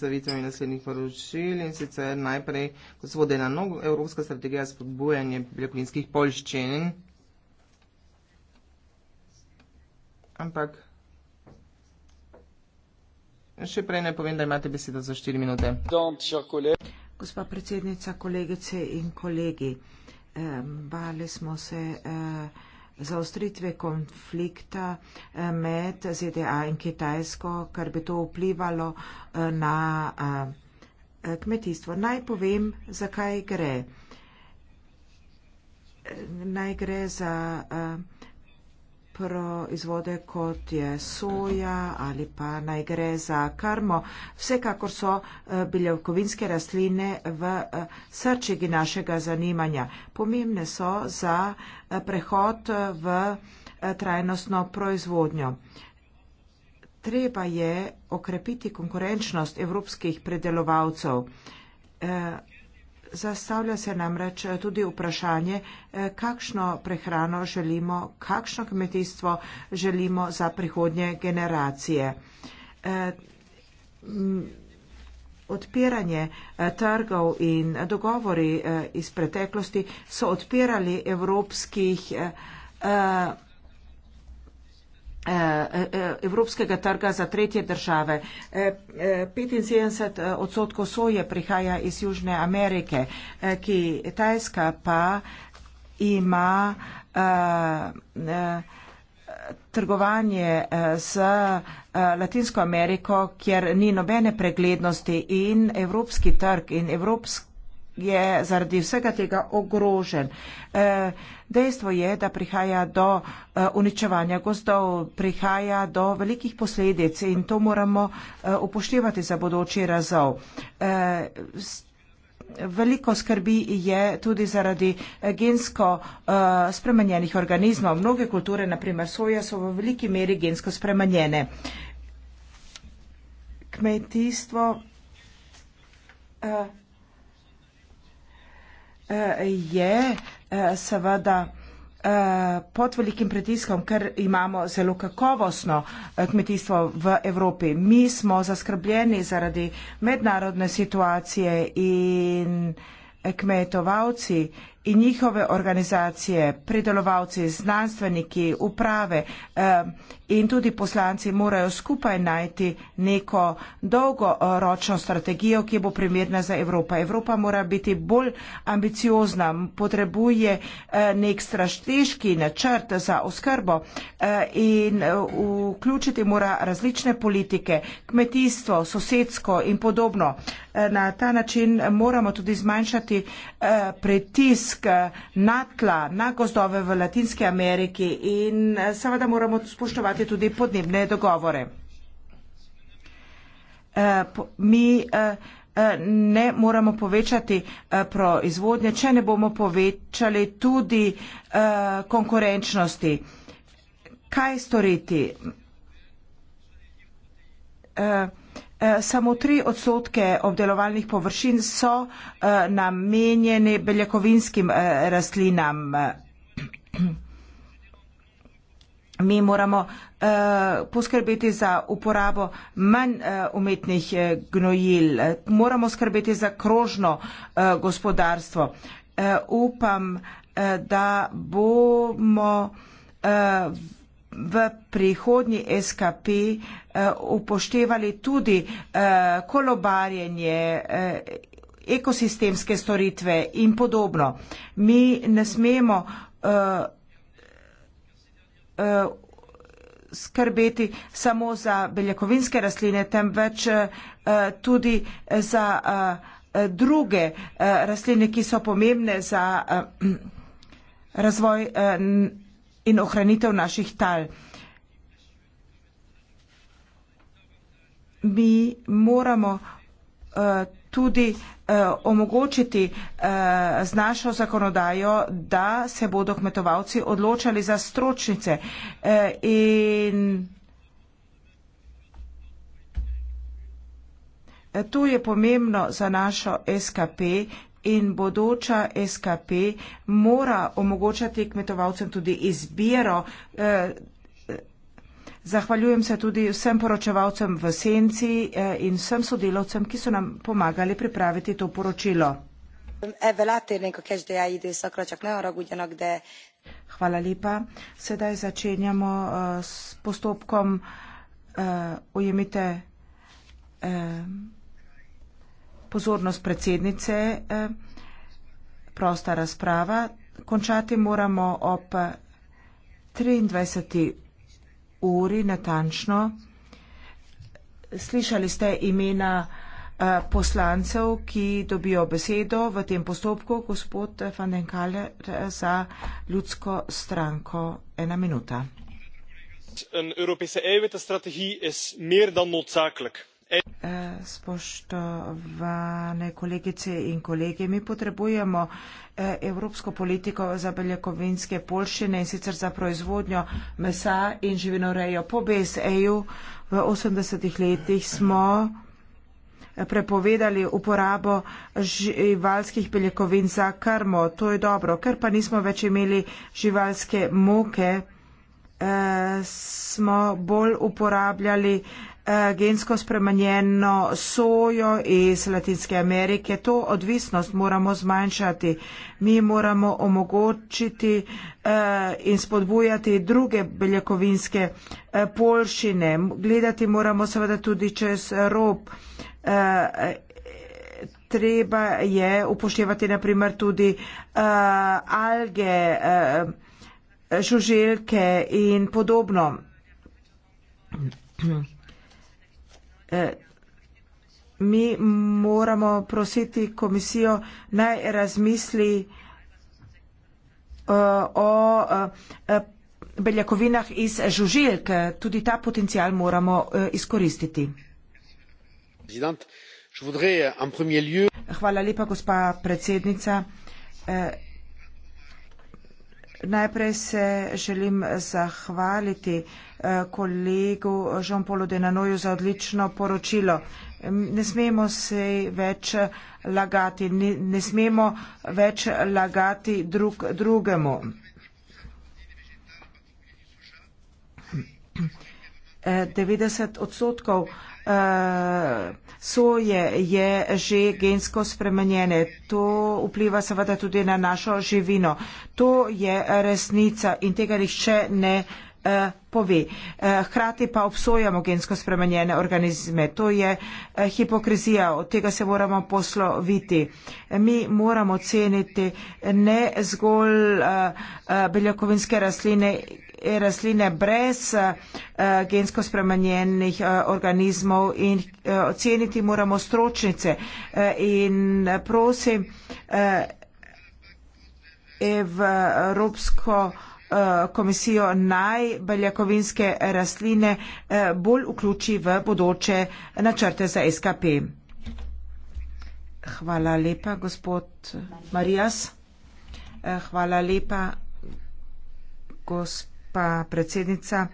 predstavitvami naslednjih poročil in sicer najprej, ko se vodi na novo evropska strategija spodbujanja beljakovinskih polščin. Ampak še prej ne povem, da imate besedo za 4 minute. Gospa predsednica, kolegice in kolegi, bali smo se. Uh, zaostritve konflikta eh, med ZDA in Kitajsko, kar bi to vplivalo eh, na eh, kmetijstvo. Naj povem, zakaj gre. Naj gre za. A, proizvode, kot je soja ali pa naj gre za karmo. Vsekakor so eh, beljakovinske rastline v eh, srčegi našega zanimanja. Pomembne so za eh, prehod v trajnostno proizvodnjo. Treba je okrepiti konkurenčnost evropskih predelovalcev. Zastavlja se namreč tudi vprašanje, eh, kakšno prehrano želimo, kakšno kmetijstvo želimo za prihodnje generacije. Eh, odpiranje eh, trgov in dogovori iz preteklosti so odpirali evropskih Eh, eh, eh, evropskega trga za tretje države. 75 odstotkov soje prihaja iz Južne Amerike, Kitajska pa ima trgovanje z Latinsko Ameriko, kjer ni nobene preglednosti in evropski trg in evropski je zaradi vsega tega ogrožen. E, dejstvo je, da prihaja do e, uničevanja gozdov, prihaja do velikih posledic in to moramo e, upoštevati za bodoči razov. Veliko skrbi je tudi zaradi gensko spremenjenih organizmov. Mnoge kulture, naprimer soja, so v veliki meri gensko spremenjene. Kmetijstvo je eh, seveda eh, pod velikim pritiskom, ker imamo zelo kakovostno eh, kmetijstvo v Evropi. Mi smo zaskrbljeni zaradi mednarodne situacije in kmetovalci in njihove organizacije, pridelovalci, znanstveniki, uprave in tudi poslanci morajo skupaj najti neko dolgoročno strategijo, ki bo primerna za Evropa. Evropa mora biti bolj ambiciozna, potrebuje eh, nek strateški načrt za oskrbo eh, in eh, vključiti mora različne politike, kmetijstvo, sosedsko in podobno. Na ta način moramo tudi zmanjšati pritisk na tla, na gozdove v Latinski Ameriki in seveda moramo spoštovati imate tudi podnebne dogovore. Eh, mi eh, eh, ne moramo povečati proizvodnje, če ne bomo povečali tudi konkurenčnosti. Kaj storiti? Samo tri odstotke obdelovalnih površin so namenjene beljakovinskim rastlinam. mi moramo uh, poskrbeti za uporabo manj uh, umetnih uh, gnojil, moramo skrbeti za krožno uh, gospodarstvo. Uh, upam, uh, da bomo uh, v prihodnji SKP eh, upoštevali tudi eh, kolobarjenje, eh, ekosistemske storitve in podobno. Mi ne smemo eh, uh, skrbeti samo za beljakovinske rastline, temveč uh, tudi za uh, druge uh, rastline, ki so pomembne za uh, razvoj uh, in ohranitev naših tal. Mi moramo uh, tudi eh, omogočiti eh, z našo zakonodajo, da se bodo kmetovalci odločali za stročnice. Eh, in eh, tu je pomembno za našo SKP in bodoča SKP mora omogočati kmetovalcem tudi izbiro. Eh, Zahvaljujem se tudi vsem poročevalcem v Senci eh, in vsem sodelovcem, ki so nam pomagali pripraviti to poročilo. Hvala lepa. Sedaj začenjamo eh, s postopkom eh, ujemite pozornost predsednice. Prosta razprava. Končati moramo ob 23 uri natančno. Slišali ste imena eh, poslancev, ki dobijo besedo v tem postopku, gospod Van den Kaler eh, za ljudsko stranko. Ena minuta. Een Europese eiwittenstrategie is meer dan noodzakelijk. Spoštovane kolegice in kolege, mi potrebujemo eh, evropsko politiko za beljakovinske polščine in sicer za proizvodnjo mesa in živinorejo. Po BSE-ju v 80-ih letih smo eh, prepovedali uporabo živalskih beljakovin za krmo. To je dobro, ker pa nismo več imeli živalske moke, eh, smo bolj uporabljali uh, gensko spremenjeno sojo iz Latinske Amerike. To odvisnost moramo zmanjšati. Mi moramo omogočiti uh, in spodbujati druge beljakovinske uh, eh, polšine. Gledati moramo seveda tudi čez rob. Uh, treba je upoštevati naprimer tudi uh, alge, uh, žuželke in podobno. 嗯。Eh, mi moramo prositi komisijo naj razmisli eh, o eh, beljakovinah iz žuželk. Tudi ta potencial moramo izkoristiti. Hvala lepa, gospa predsednica. Najprej se želim zahvaliti eh, kolegu Žan-Polu Denanoju za odlično poročilo. Ne smemo se več lagati, ne, ne smemo več lagati drug drugemu. 90 eh, odstotkov uh, soje je že gensko spremenjene. To vpliva seveda tudi na našo živino. To je resnica in tega nihče ne. Uh, Eh, pove. Hrati eh, pa obsojamo gensko spremenjene organizme. To je eh, hipokrizija, od tega se moramo posloviti. Mi moramo ceniti ne zgolj beljakovinske rastline, rastline brez gensko spremenjenih organizmov in ceniti moramo stročnice. In prosim, Evropsko Eh, komisijo naj beljakovinske rastline eh, bolj vključi v bodoče načrte za SKP. Hvala lepa, gospod Marijas. Eh, hvala lepa, gospa predsednica.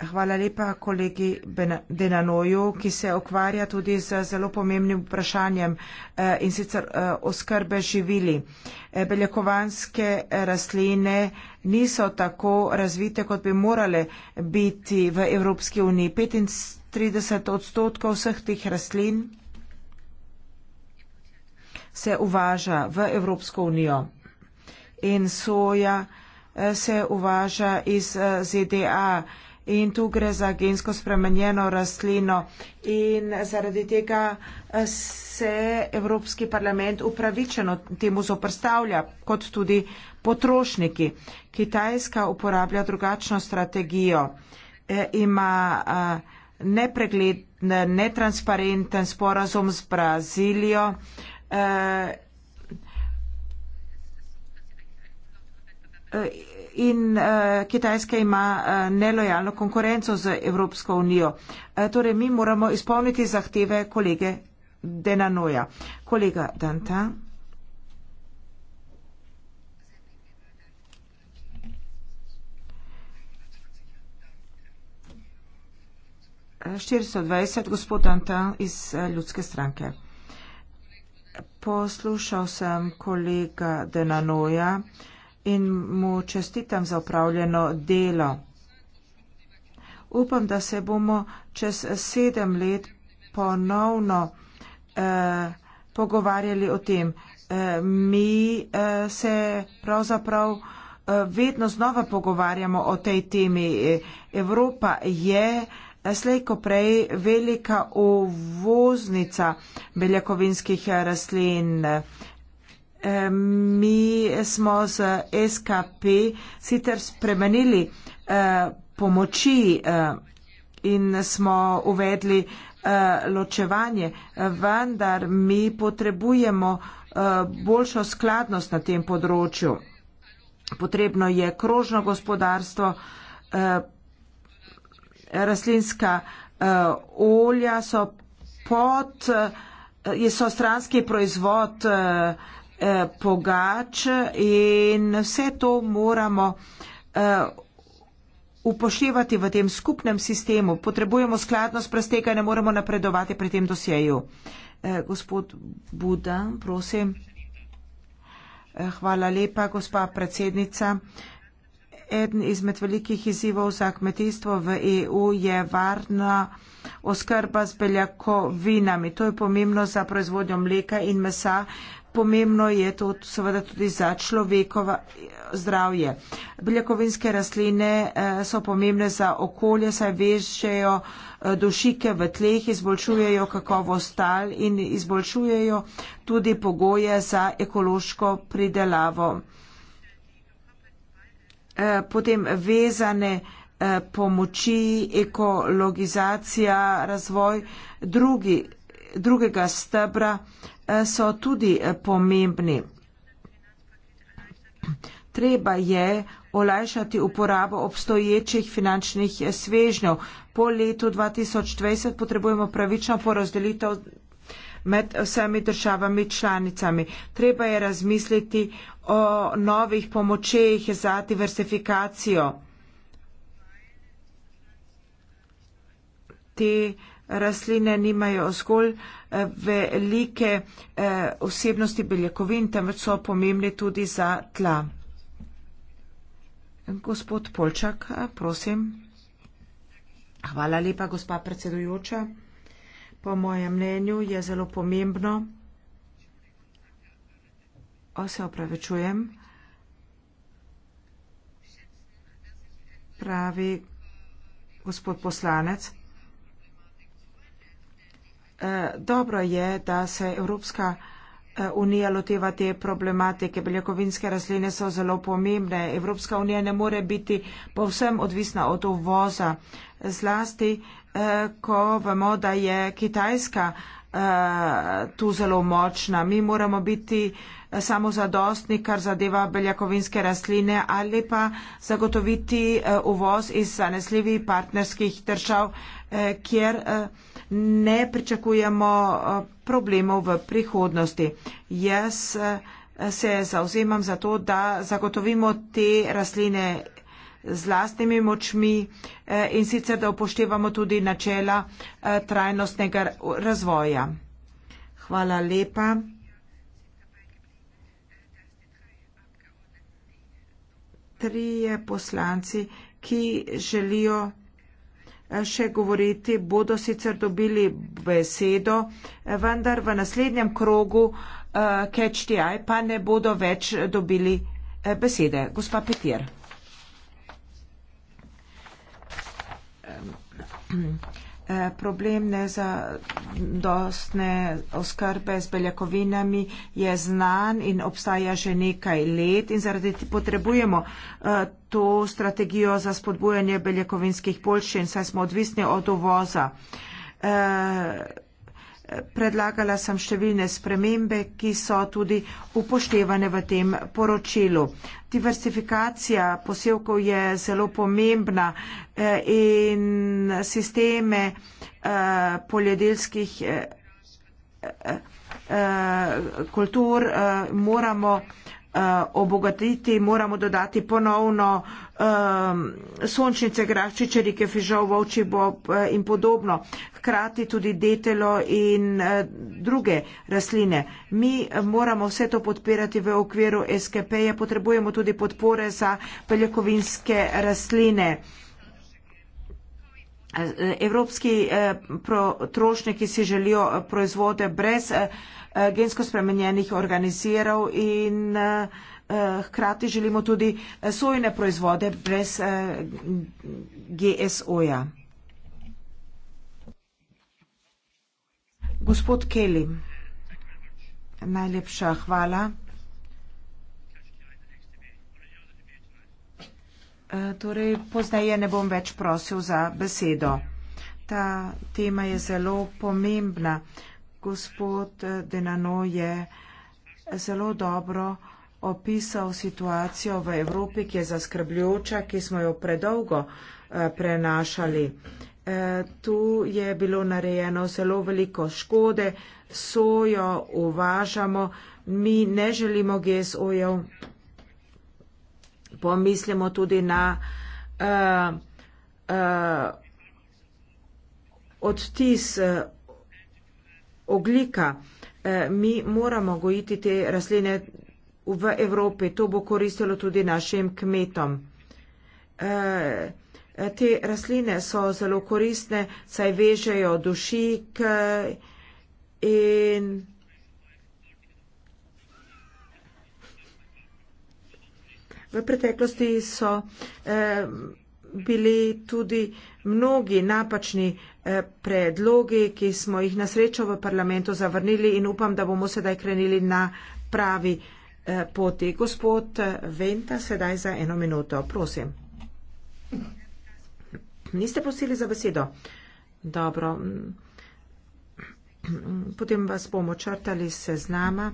Hvala lepa kolegi Denanoju, ki se ukvarja tudi z zelo pomembnim vprašanjem eh, in sicer eh, oskrbe živili. Eh, beljakovanske rastline niso tako razvite, kot bi morale biti v Evropski uniji. 35 odstotkov vseh tih rastlin se uvaža v Evropsko unijo in soja se uvaža iz ZDA in tu gre za gensko spremenjeno rastlino. In zaradi tega eh, se Evropski parlament upravičeno temu zoprstavlja, kot tudi potrošniki. Kitajska uporablja drugačno strategijo. E, ima eh, nepregledne, netransparenten sporazum z Brazilijo. E, in uh, Kitajska ima uh, nelojalno konkurenco z Evropsko unijo. Uh, torej, mi moramo izpolniti zahteve kolege Denanoja. Kolega Danta. Gospod Antan iz Ljudske stranke. Poslušal sem kolega Denanoja. Uh, in mu čestitam za upravljeno delo. Upam, da se bomo čez sedem let ponovno eh, pogovarjali o tem. Eh, mi eh, se pravzaprav eh, vedno znova pogovarjamo o tej temi. Evropa je eh, slejko prej velika uvoznica beljakovinskih rastlin. Eh, mi smo z SKP sicer spremenili eh, pomoči eh, in smo uvedli ločevanje, vendar mi potrebujemo boljšo skladnost na tem področju. Potrebno je krožno gospodarstvo, rastlinska olja so pod, so stranski proizvod Eh, pogač in vse to moramo eh, upoštevati v tem skupnem sistemu. Potrebujemo skladnost prstega, ne moremo napredovati pri tem dosjeju. Eh, gospod Buda, prosim. Hvala lepa, gospa predsednica. Eden izmed velikih izzivov za kmetijstvo v EU je varna oskrba z beljakovinami. To je pomembno za proizvodnjo mleka in mesa pomembno je to seveda tudi za človekova eh, zdravje. Beljakovinske rastline eh, so pomembne za okolje, saj vežejo eh, dušike v tleh, izboljšujejo kakovost tal in izboljšujejo tudi pogoje za ekološko pridelavo. Potem vezane pomoči, ekologizacija, razvoj drugi, drugega stebra so tudi eh, pomembni. Treba je olajšati uporabo obstoječih finančnih eh, svežnjev. Po letu 2020 potrebujemo pravično porazdelitev med vsemi državami članicami. Treba je razmisliti o novih pomočeh za diversifikacijo. Te uh, rastline nimajo zgolj eh, velike vsebnosti eh, beljakovin, temveč so pomembni tudi za tla. Gospod Polčak, eh, prosim. Hvala lepa, gospa predsedujoča. Po mojem mnenju je zelo pomembno, o se opravičujem, pravi gospod poslanec. Eh, dobro je, da se Evropska eh, unija loteva te problematike. Beljakovinske rastline so zelo pomembne. Evropska unija ne more biti povsem odvisna od uvoza. Zlasti, eh, ko vemo, da je Kitajska tu zelo močna. Mi moramo biti samo zadostni, kar zadeva beljakovinske rastline ali pa zagotoviti uvoz iz zanesljivih partnerskih držav, kjer ne pričakujemo eh, problemov v prihodnosti. Jaz eh, se zauzemam za to, da zagotovimo te rastline z lastnimi močmi eh, in sicer, da upoštevamo tudi načela trajnostnega razvoja. Hvala lepa. Trije poslanci, ki želijo še govoriti, bodo sicer dobili besedo, vendar v naslednjem krogu KHTI eh, pa ne bodo več dobili eh, besede. Gospa Petir. Eh, problem nezadostne oskrbe z beljakovinami je znan in obstaja že nekaj let in zaradi tega potrebujemo eh, to strategijo za spodbujanje beljakovinskih polščin, saj smo odvisni od uvoza. Eh, predlagala sem številne spremembe, ki so tudi upoštevane v tem poročilu. Diversifikacija posevkov je zelo pomembna eh, in sisteme eh, poljedelskih eh, kultur moramo Eh, obogatiti, moramo dodati ponovno um, sončnice, graščiče, rike, fižov, volči bob eh, in podobno. Hkrati tudi detelo in uh, druge rastline. Mi moramo vse to podpirati v okviru SKP-ja, potrebujemo tudi podpore za peljakovinske rastline. Uh, evropski eh, potrošniki si želijo eh, proizvode brez eh, gensko spremenjenih organizirov in hkrati želimo tudi sojne proizvode brez GSO-ja. Gospod Kelly, najlepša hvala. Eh, torej, pozneje ne bom več prosil za besedo. Ta tema je zelo pomembna. Gospod eh, Denano je zelo dobro opisal situacijo v Evropi, ki je zaskrbljujoča, ki smo jo predolgo eh, prenašali. Tu je bilo narejeno zelo veliko škode, sojo uvažamo, mi ne želimo GSO-jev pomislimo tudi na uh, uh, odtis uh, oglika. Uh, mi moramo gojiti te rastline v Evropi. To bo koristilo tudi našim kmetom. Uh, Te rastline so zelo koristne, saj vežejo dušik in. V preteklosti so eh, bili tudi mnogi napačni eh, predlogi, ki smo jih na srečo v parlamentu zavrnili in upam, da bomo sedaj krenili na pravi eh, poti. Gospod Venta, sedaj za eno minuto, prosim. Niste prosili za besedo? Dobro. Potem vas bomo črtali seznama.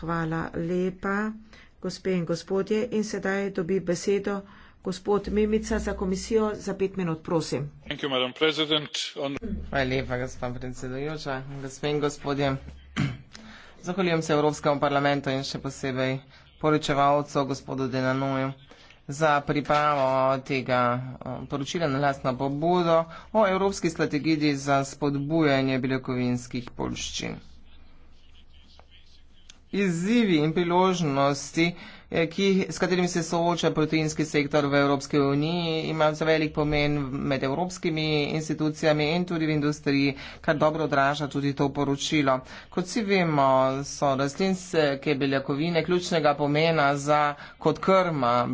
Hvala lepa gospe in gospodje. In sedaj dobi besedo gospod Mimica za komisijo za pet minut, prosim. You, On... Hvala lepa, gospod predsedujoča, gospe in gospodje. Zahvaljujem se Evropskemu parlamentu in še posebej poročevalcu gospodu Denanuju za pripravo tega poročila na lastno pobudo o Evropski strategiji za spodbujanje beljakovinskih polščin izzivi in priložnosti, eh, ki, s katerimi se sooča proteinski sektor v Evropski uniji, ima za velik pomen med evropskimi institucijami in tudi v industriji, kar dobro odraža tudi to poročilo. Kot si vemo, so rastlinske beljakovine ključnega pomena za, kot krma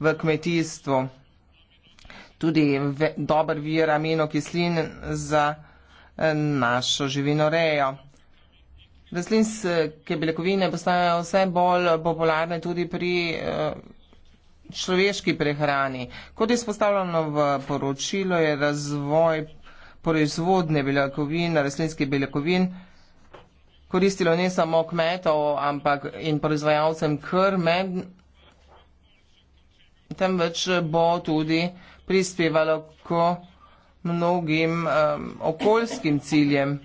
v kmetijstvu, tudi ve, dober vir aminokislin za eh, našo živinorejo. Rastlinske eh, beljakovine postajajo vse bolj popularne tudi pri eh, človeški prehrani. Kot je spostavljeno v poročilo, je razvoj proizvodne beljakovin, rastlinskih beljakovin koristilo ne samo kmetov, ampak in proizvajalcem krme, temveč bo tudi prispevalo k mnogim um, okoljskim ciljem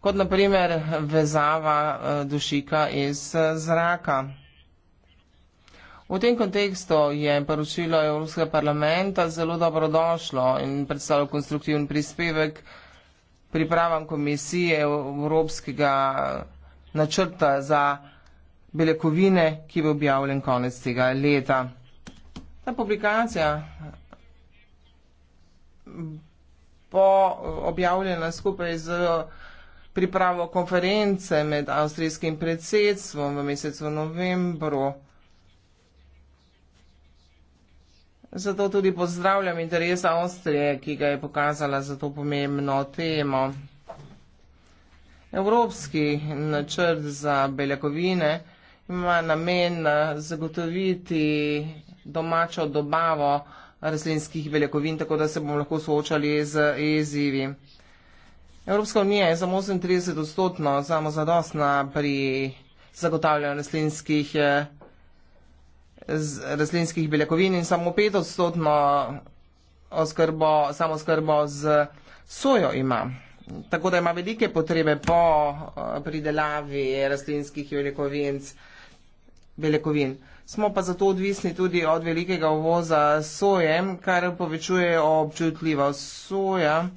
kot naprimer vezava eh, dušika iz eh, zraka. V tem kontekstu je poročilo Evropskega parlamenta zelo dobro došlo in predstavljal konstruktivni prispevek pripravam komisije Evropskega eh, načrta za belekovine, ki bo objavljen konec tega leta. Ta publikacija bo objavljena skupaj z pripravo konference med avstrijskim predsedstvom v mesecu novembru. Zato tudi pozdravljam interes Avstrije, ki ga je pokazala za to pomembno temo. Evropski načrt za beljakovine ima namen zagotoviti domačo dobavo rastlinskih beljakovin, tako da se bomo lahko soočali z izzivi. Evropska unija je za 38 odstotno samozadostna pri zagotavljanju rastlinskih, eh, rastlinskih beljakovin in samo 5 odstotno oskrbo, samo skrbo z sojo ima. Tako da ima velike potrebe po eh, pridelavi rastlinskih beljakovin. Smo pa zato odvisni tudi od velikega uvoza soje, kar povečuje občutljivost soja.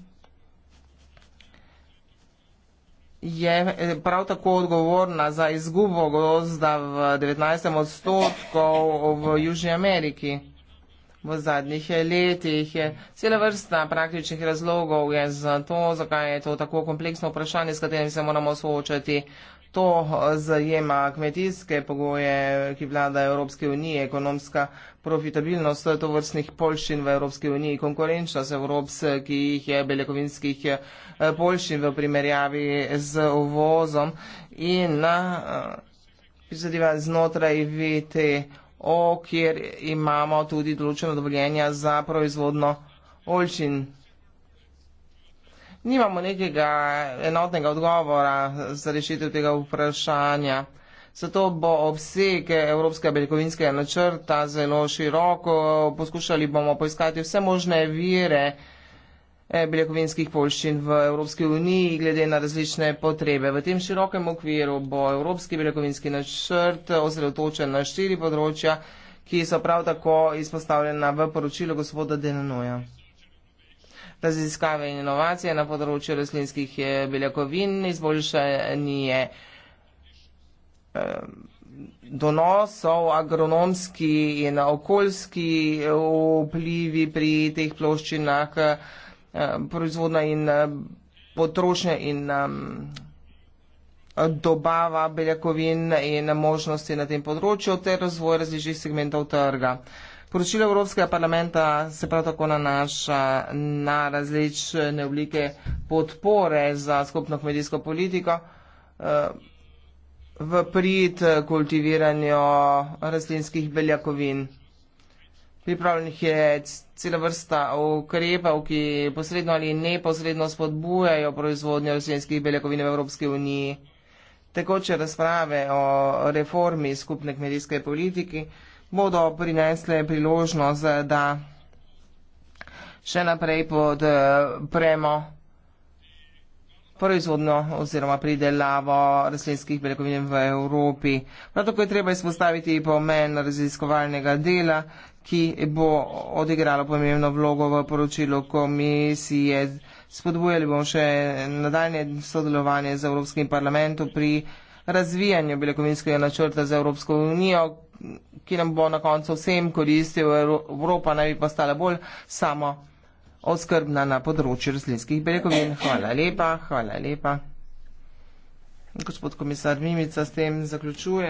je eh, prav tako odgovorna za izgubo gozda v 19 odstotkov v Južni Ameriki. V zadnjih eh, letih je cela vrsta praktičnih razlogov za to, zakaj je to tako kompleksno vprašanje, s katerim se moramo soočati. To eh, zajema kmetijske pogoje, ki vlada Evropske unije, ekonomska profitabilnost eh, tovrstnih polščin v Evropske uniji, konkurenčnost evropskih beljakovinskih eh, polščin v primerjavi z uvozom in prizadeva znotraj VTO, kjer imamo tudi določeno dovoljenja za proizvodno polščin nimamo nekega enotnega odgovora za rešitev tega vprašanja. Zato bo obseg Evropskega beljakovinskega načrta zelo širok. Poskušali bomo poiskati vse možne vire eh, beljakovinskih površin v Evropski uniji glede na različne potrebe. V tem širokem okviru bo Evropski beljakovinski načrt osredotočen na štiri področja, ki so prav tako izpostavljena v poročilu gospoda Denanoja raziskave in inovacije na področju rastlinskih eh, beljakovin, izboljšanje eh, donosov, agronomski in okoljski eh, vplivi pri teh ploščinah, proizvodna in potrošnja in dobava beljakovin in možnosti na tem področju ter razvoj različnih segmentov trga. Poročilo Evropskega parlamenta se prav tako nanaša na različne oblike podpore za skupno kmetijsko politiko eh, v prid kultiviranju rastlinskih beljakovin. Pripravljenih je cela vrsta ukrepov, ki posredno ali neposredno spodbujajo proizvodnjo rastlinskih beljakovin v Evropski uniji. Tekoče razprave o reformi skupne kmetijske politike bodo prinesle priložnost, da še naprej podpremo proizvodno oziroma pridelavo rastlinskih beljakovin v Evropi. Prav tako je treba izpostaviti pomen raziskovalnega dela, ki bo odigralo pomembno vlogo v poročilu komisije. Spodbujali bomo še nadaljne sodelovanje z Evropskim parlamentom pri razvijanju beljakovinskega načrta za Evropsko unijo, ki nam bo na koncu vsem koristil, Evropa naj bi postala bolj samo oskrbna na področju rastlinskih beljakovin. Hvala lepa, hvala lepa. Gospod komisar Mimica s tem zaključuje.